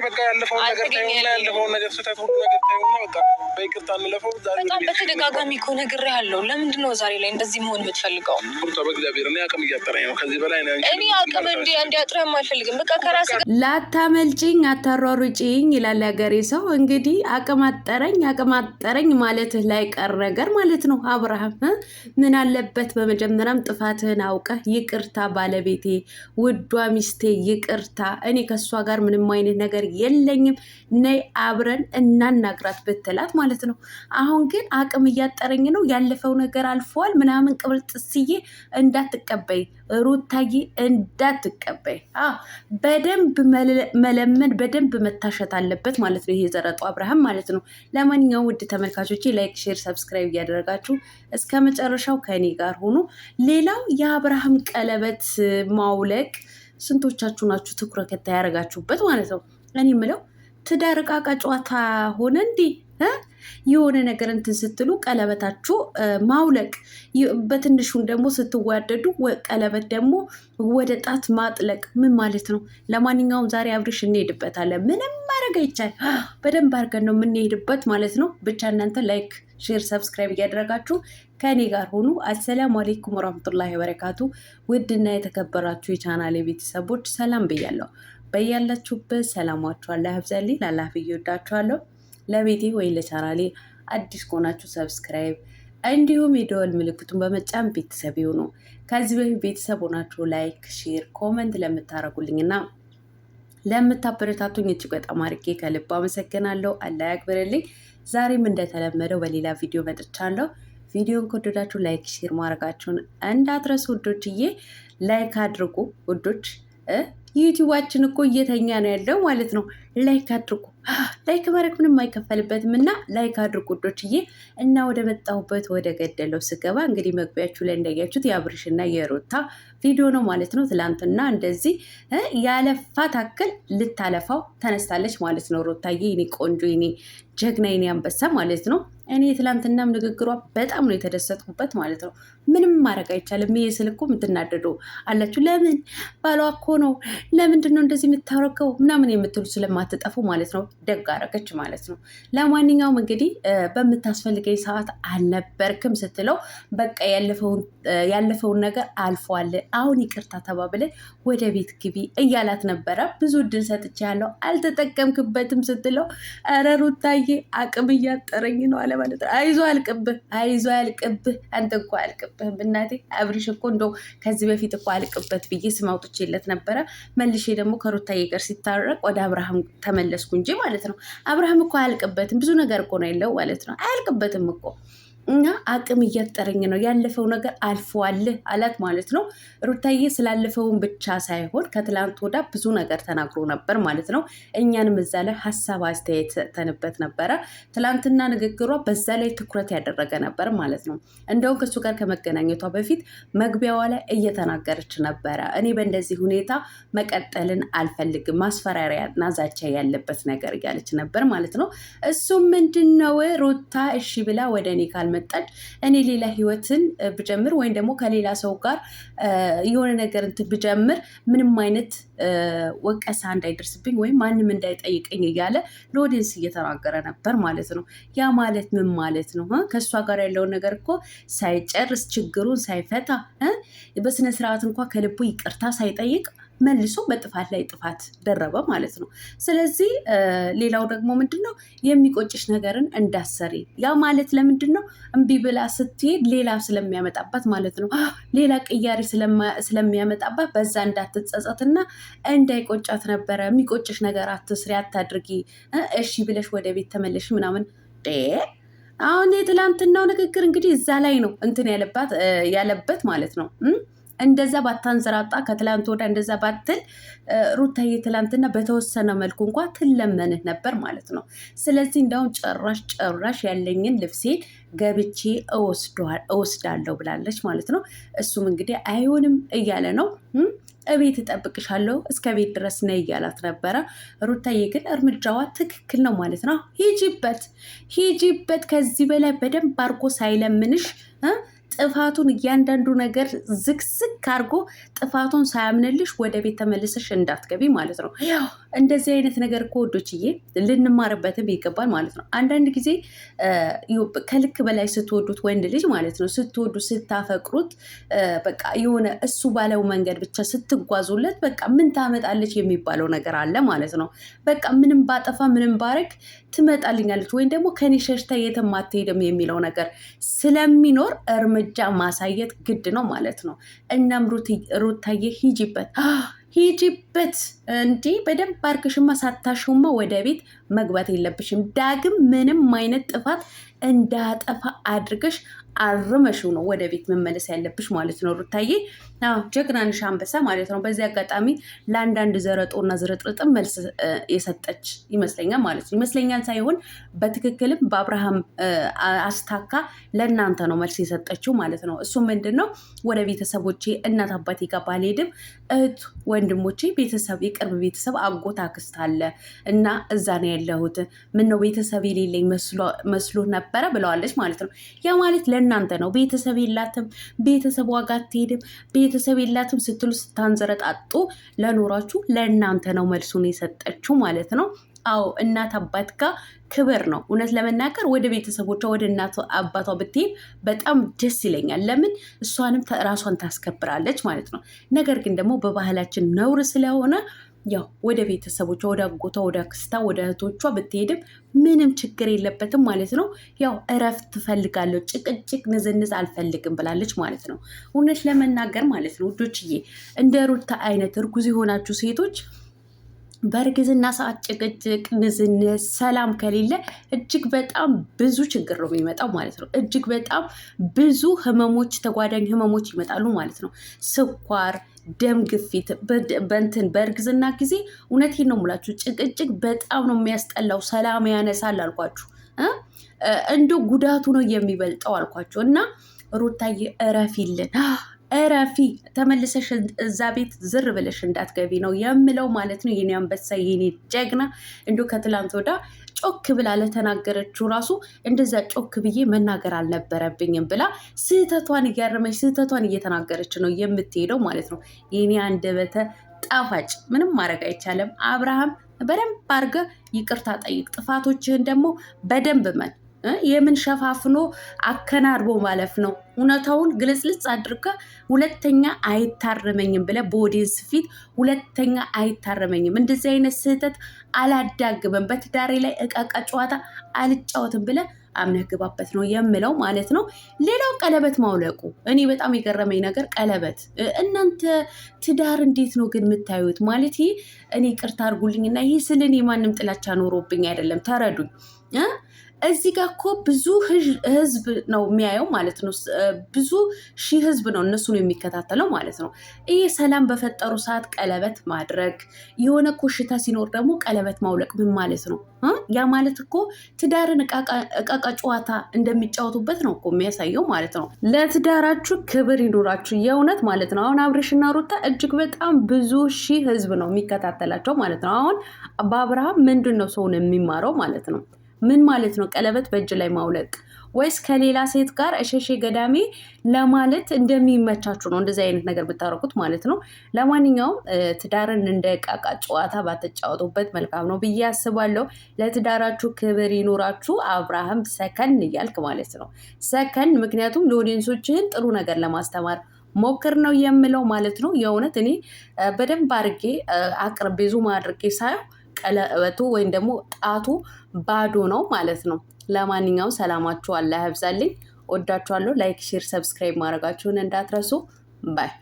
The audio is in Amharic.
እሺ በቃ ያለፈውን ነገር ታዩና ያለፈውን ነገር ስህተት ሁሉ ነገር ታዩና በቃ በይቅርታ እንለፈው። በጣም በተደጋጋሚ እኮ ነግሬ ያለው ለምንድን ነው ዛሬ ላይ እንደዚህ መሆን የምትፈልገው? ቁርጣ በእግዚአብሔር እኔ አቅም እያጠረኝ ነው። ከዚህ በላይ እኔ አቅም እንዲ እንዲያጥረ አልፈልግም። በቃ ከራስ ላታመልጭኝ፣ አታሯሩጭኝ ይላል ያገሬ ሰው። እንግዲህ አቅም አጠረኝ፣ አቅም አጠረኝ ማለትህ ላይ ቀር ነገር ማለት ነው አብርሃም። ምን አለበት በመጀመሪያም ጥፋትህን አውቀህ ይቅርታ፣ ባለቤቴ፣ ውዷ ሚስቴ ይቅርታ፣ እኔ ከእሷ ጋር ምንም አይነት ነገር የለኝም ነይ አብረን እናናግራት ብትላት ማለት ነው። አሁን ግን አቅም እያጠረኝ ነው፣ ያለፈው ነገር አልፈዋል ምናምን ቅብል ጥስዬ እንዳትቀበይ ሩታዬ እንዳትቀበይ። በደንብ መለመን በደንብ መታሸት አለበት ማለት ነው፣ ይሄ ዘረጦ አብርሃም ማለት ነው። ለማንኛውም ውድ ተመልካቾች ላይክ፣ ሼር፣ ሰብስክራይብ እያደረጋችሁ እስከ መጨረሻው ከኔ ጋር ሆኖ ሌላው የአብርሃም ቀለበት ማውለቅ ስንቶቻችሁ ናችሁ ትኩረት ያደረጋችሁበት ማለት ነው? እኔ ምለው ትዳር ጨዋታ ሆነ እንዴ? የሆነ ነገር እንትን ስትሉ ቀለበታችሁ ማውለቅ፣ በትንሹን ደግሞ ስትዋደዱ ቀለበት ደግሞ ወደ ጣት ማጥለቅ ምን ማለት ነው? ለማንኛውም ዛሬ አብርሽ እንሄድበታለን። ምንም ማድረግ ይቻል፣ በደንብ አድርገን ነው የምንሄድበት ማለት ነው። ብቻ እናንተ ላይክ፣ ሼር፣ ሰብስክራይብ እያደረጋችሁ ከእኔ ጋር ሆኑ። አሰላሙ አሌይኩም ወራህመቱላሂ ወበረካቱ። ውድና የተከበራችሁ የቻናሌ ቤተሰቦች ሰላም ብያለሁ። በያላችሁበት ሰላማችሁ አላህ ያብዛልኝ። ላላፍ እየወዳችኋለሁ። ለቤቴ ወይ ለቻናሌ አዲስ ከሆናችሁ ሰብስክራይብ እንዲሁም የደወል ምልክቱን በመጫን ቤተሰብ ይሁኑ። ከዚህ በፊት ቤተሰብ ሆናችሁ ላይክ፣ ሼር፣ ኮመንት ለምታደርጉልኝና ለምታበረታቱኝ እጅግ በጣም አድርጌ ከልብ አመሰግናለሁ። አላህ ያክብርልኝ። ዛሬም እንደተለመደው በሌላ ቪዲዮ መጥቻለሁ። ቪዲዮን ከወደዳችሁ ላይክ፣ ሼር ማድረጋችሁን እንዳትረሱ ውዶችዬ። ላይክ አድርጉ ውዶች ዩቲዩባችን እኮ እየተኛ ነው ያለው ማለት ነው። ላይክ አድርጉ። ላይክ ማድረግ ምንም አይከፈልበትም እና ላይክ አድርጉ ዶችዬ። እና ወደ መጣሁበት ወደ ገደለው ስገባ እንግዲህ መግቢያችሁ ላይ እንዳያችሁት የአብርሽና የሩታ ቪዲዮ ነው ማለት ነው። ትላንትና እንደዚህ ያለፋ ታክል ልታለፋው ተነስታለች ማለት ነው። ሩታዬ የኔ ቆንጆ የኔ ጀግና የኔ አንበሳ ማለት ነው። እኔ ትላንትናም ንግግሯ በጣም ነው የተደሰጥኩበት ማለት ነው። ምንም ማድረግ አይቻልም። ይሄ ስል እኮ የምትናደዱ አላችሁ። ለምን ባሏ እኮ ነው፣ ለምንድን ነው እንደዚህ የምታረገው ምናምን የምትሉ ስለማትጠፉ ማለት ነው። ደግ አረገች ማለት ነው። ለማንኛውም እንግዲህ በምታስፈልገኝ ሰዓት አልነበርክም ስትለው በቃ ያለፈውን ነገር አልፏል፣ አሁን ይቅርታ ተባብለ ወደ ቤት ግቢ እያላት ነበረ። ብዙ እድል ሰጥቼ ያለው አልተጠቀምክበትም ስትለው ኧረ ሩታዬ አቅም እያጠረኝ ነው አለ ማለት ነው። አይዞ አልቅብህ፣ አይዞ አልቅብህ፣ አንተ እኮ አልቅብህም ብናቴ አብሪሽ እኮ እንደው ከዚህ በፊት እኮ አልቅበት ብዬ ስም አውጥቼለት ነበረ። መልሼ ደግሞ ከሩታዬ ጋር ሲታረቅ ወደ አብርሃም ተመለስኩ እንጂ ማለት ነው። አብርሃም እኮ አያልቅበትም፣ ብዙ ነገር እኮ ነው የለው ማለት ነው። አያልቅበትም እኮ እና አቅም እያጠረኝ ነው ያለፈው ነገር አልፈዋል አላት ማለት ነው። ሩታዬ ስላለፈውን ብቻ ሳይሆን ከትላንት ወዳ ብዙ ነገር ተናግሮ ነበር ማለት ነው። እኛንም እዛ ላይ ሀሳብ አስተያየት ሰጥተንበት ነበረ። ትላንትና ንግግሯ በዛ ላይ ትኩረት ያደረገ ነበር ማለት ነው። እንደውም ከእሱ ጋር ከመገናኘቷ በፊት መግቢያዋ ላይ እየተናገረች ነበረ። እኔ በእንደዚህ ሁኔታ መቀጠልን አልፈልግም፣ ማስፈራሪያ እና ዛቻ ያለበት ነገር እያለች ነበር ማለት ነው። እሱም ምንድን ነው ሩታ እሺ ብላ ወደ እኔ ካል ካልመጣች እኔ ሌላ ህይወትን ብጀምር ወይም ደግሞ ከሌላ ሰው ጋር የሆነ ነገር እንትን ብጀምር ምንም አይነት ወቀሳ እንዳይደርስብኝ ወይም ማንም እንዳይጠይቀኝ እያለ ለኦዲንስ እየተናገረ ነበር ማለት ነው። ያ ማለት ምን ማለት ነው? ከእሷ ጋር ያለውን ነገር እኮ ሳይጨርስ ችግሩን ሳይፈታ በስነስርዓት እንኳ ከልቡ ይቅርታ ሳይጠይቅ መልሶ በጥፋት ላይ ጥፋት ደረበ ማለት ነው። ስለዚህ ሌላው ደግሞ ምንድን ነው የሚቆጭሽ ነገርን እንዳሰሪ ያ ማለት ለምንድን ነው እምቢ ብላ ስትሄድ ሌላ ስለሚያመጣባት ማለት ነው። ሌላ ቅያሬ ስለሚያመጣባት በዛ እንዳትጸጸትና እንዳይቆጫት ነበረ። የሚቆጭሽ ነገር አትስሪ፣ አታድርጊ፣ እሺ ብለሽ ወደ ቤት ተመለሽ ምናምን አሁን የትላንትናው ንግግር እንግዲህ እዛ ላይ ነው እንትን ያለባት ያለበት ማለት ነው። እንደዛ ባታንዘራጣ ከትላንት ወዳ እንደዛ ባትል ሩታዬ ትላንትና በተወሰነ መልኩ እንኳ ትለመንህ ነበር ማለት ነው። ስለዚህ እንዳሁን ጨራሽ ጨራሽ ያለኝን ልብሴን ገብቼ እወስዳለሁ ብላለች ማለት ነው። እሱም እንግዲህ አይሆንም እያለ ነው። እቤት እጠብቅሻለሁ እስከ ቤት ድረስ ነ እያላት ነበረ። ሩታዬ ግን እርምጃዋ ትክክል ነው ማለት ነው። ሂጂበት ሂጂበት፣ ከዚህ በላይ በደንብ አርጎ ሳይለምንሽ ጥፋቱን እያንዳንዱ ነገር ዝግዝግ አድርጎ ጥፋቱን ሳያምንልሽ ወደ ቤት ተመልሰሽ እንዳትገቢ ማለት ነው። እንደዚህ አይነት ነገር እኮ ወዶችዬ ልንማርበትም ይገባል ማለት ነው። አንዳንድ ጊዜ ከልክ በላይ ስትወዱት ወንድ ልጅ ማለት ነው ስትወዱት ስታፈቅሩት፣ በቃ የሆነ እሱ ባለው መንገድ ብቻ ስትጓዙለት በቃ ምን ታመጣለች የሚባለው ነገር አለ ማለት ነው። በቃ ምንም ባጠፋ ምንም ባረግ ትመጣልኛለች ወይም ደግሞ ከኔ ሸሽታ የትም አትሄድም የሚለው ነገር ስለሚኖር እርምጃ ማሳየት ግድ ነው ማለት ነው። እናም ሩታዬ ሂጂበት ሂጂበት እንዲህ በደንብ አርግሽማ ሳታሽማ ወደ ቤት መግባት የለብሽም። ዳግም ምንም አይነት ጥፋት እንዳጠፋ አድርገሽ አርመሽው ነው ወደ ቤት መመለስ ያለብሽ ማለት ነው። ሩታዬ ጀግናንሽ አንበሳ ማለት ነው። በዚህ አጋጣሚ ለአንዳንድ ዘረጦና ዝርጥርጥም መልስ የሰጠች ይመስለኛል ማለት ነው። ይመስለኛል ሳይሆን በትክክልም በአብርሃም አስታካ ለእናንተ ነው መልስ የሰጠችው ማለት ነው። እሱ ምንድን ነው ወደ ቤተሰቦቼ እናት አባቴ ጋር ባልሄድም እህት ወንድሞቼ፣ ቤተሰብ የቅርብ ቤተሰብ አጎት፣ አክስት አለ እና እዛ ነው ያለሁት ምን ነው ቤተሰብ የሌለኝ መስሎ ነበረ ብለዋለች ማለት ነው። ያ ማለት ለእናንተ ነው። ቤተሰብ የላትም፣ ቤተሰብ ዋጋ አትሄድም፣ ቤተሰብ የላትም ስትሉ ስታንዘረጣጡ ለኖራችሁ ለእናንተ ነው መልሱን የሰጠችው ማለት ነው። አዎ እናት አባት ጋር ክብር ነው። እውነት ለመናገር ወደ ቤተሰቦቿ ወደ እናት አባቷ ብትሄድ በጣም ደስ ይለኛል። ለምን እሷንም ራሷን ታስከብራለች ማለት ነው። ነገር ግን ደግሞ በባህላችን ነውር ስለሆነ ያው ወደ ቤተሰቦቿ ወደ አጎቷ ወደ አክስታ ወደ እህቶቿ ብትሄድም ምንም ችግር የለበትም ማለት ነው። ያው እረፍት ትፈልጋለሁ፣ ጭቅጭቅ ንዝንዝ አልፈልግም ብላለች ማለት ነው። እውነት ለመናገር ማለት ነው ውዶችዬ፣ እንደ ሩታ አይነት እርጉዝ የሆናችሁ ሴቶች በእርግዝና ሰዓት ጭቅጭቅ፣ ንዝንዝ፣ ሰላም ከሌለ እጅግ በጣም ብዙ ችግር ነው የሚመጣው ማለት ነው። እጅግ በጣም ብዙ ህመሞች፣ ተጓዳኝ ህመሞች ይመጣሉ ማለት ነው። ስኳር ደም ግፊት በንትን በእርግዝና ጊዜ እውነቴን ነው ሙላችሁ፣ ጭቅጭቅ በጣም ነው የሚያስጠላው። ሰላም ያነሳል አልኳችሁ፣ እንደ ጉዳቱ ነው የሚበልጠው አልኳችሁ። እና ሩታዬ እረፊልን። እረፊ ተመልሰሽ እዛ ቤት ዝር ብለሽ እንዳትገቢ ነው የምለው ማለት ነው። የኔ አንበሳ የኔ ጀግና እንዲሁ ከትላንት ወዳ ጮክ ብላ ለተናገረችው ራሱ እንደዛ ጮክ ብዬ መናገር አልነበረብኝም ብላ ስህተቷን እያረመች ስህተቷን እየተናገረች ነው የምትሄደው ማለት ነው። የኔ አንደበተ ጣፋጭ ምንም ማድረግ አይቻልም። አብርሃም በደንብ አድርገህ ይቅርታ ጠይቅ፣ ጥፋቶችህን ደግሞ በደንብ መን የምን ሸፋፍኖ አከናርቦ ማለፍ ነው። እውነታውን ግልጽልጽ አድርጋ ሁለተኛ አይታረመኝም ብለ በኦዲየንስ ፊት ሁለተኛ አይታረመኝም፣ እንደዚህ አይነት ስህተት አላዳግበም፣ በትዳሬ ላይ እቃቃ ጨዋታ አልጫወትም ብለ አምነህ ግባበት ነው የምለው ማለት ነው። ሌላው ቀለበት ማውለቁ እኔ በጣም የገረመኝ ነገር ቀለበት፣ እናንተ ትዳር እንዴት ነው ግን የምታዩት? ማለት ይሄ እኔ ቅርታ አድርጉልኝና ይሄ ስል እኔ ማንም ጥላቻ ኖሮብኝ አይደለም፣ ተረዱኝ። እዚህ ጋር እኮ ብዙ ህዝብ ነው የሚያየው ማለት ነው። ብዙ ሺህ ህዝብ ነው ነው የሚከታተለው ማለት ነው። ይህ ሰላም በፈጠሩ ሰዓት ቀለበት ማድረግ፣ የሆነ ኮሽታ ሲኖር ደግሞ ቀለበት ማውለቅ ምን ማለት ነው? ያ ማለት እኮ ትዳርን እቃቃ ጨዋታ እንደሚጫወቱበት ነው እኮ የሚያሳየው ማለት ነው። ለትዳራችሁ ክብር ይኑራችሁ የእውነት ማለት ነው። አሁን አብሬሽና ሩታ እጅግ በጣም ብዙ ሺህ ህዝብ ነው የሚከታተላቸው ማለት ነው። አሁን በአብርሃም ምንድን ነው ሰውን የሚማረው ማለት ነው? ምን ማለት ነው ቀለበት በእጅ ላይ ማውለቅ ወይስ ከሌላ ሴት ጋር እሸሼ ገዳሜ ለማለት እንደሚመቻችሁ ነው እንደዚህ አይነት ነገር የምታረጉት ማለት ነው። ለማንኛውም ትዳርን እንደ ዕቃቃ ጨዋታ ባትጫወጡበት መልካም ነው ብዬ አስባለሁ። ለትዳራችሁ ክብር ይኖራችሁ። አብርሃም ሰከን እያልክ ማለት ነው ሰከን። ምክንያቱም ለኦዲየንሶችህን ጥሩ ነገር ለማስተማር ሞክር ነው የምለው ማለት ነው። የእውነት እኔ በደንብ አድርጌ አቅርቤ ዙም አድርጌ ሳየው ቀለበቱ ወይም ደግሞ ጣቱ ባዶ ነው ማለት ነው። ለማንኛውም ሰላማችሁ አላህ ያብዛልኝ። ወዳችኋለሁ። ላይክ፣ ሼር፣ ሰብስክራይብ ማድረጋችሁን እንዳትረሱ ባይ